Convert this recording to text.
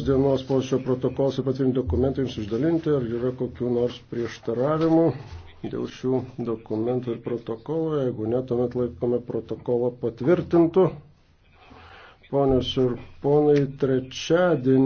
dienos posėdžio protokols ir patvirtinti dokumentai jums išdalinti, ar yra kokių nors prieštaravimų dėl šių dokumentų ir protokolo. Jeigu ne, tuomet laikome protokolą patvirtintų. Ponios ir ponai, trečiadienį.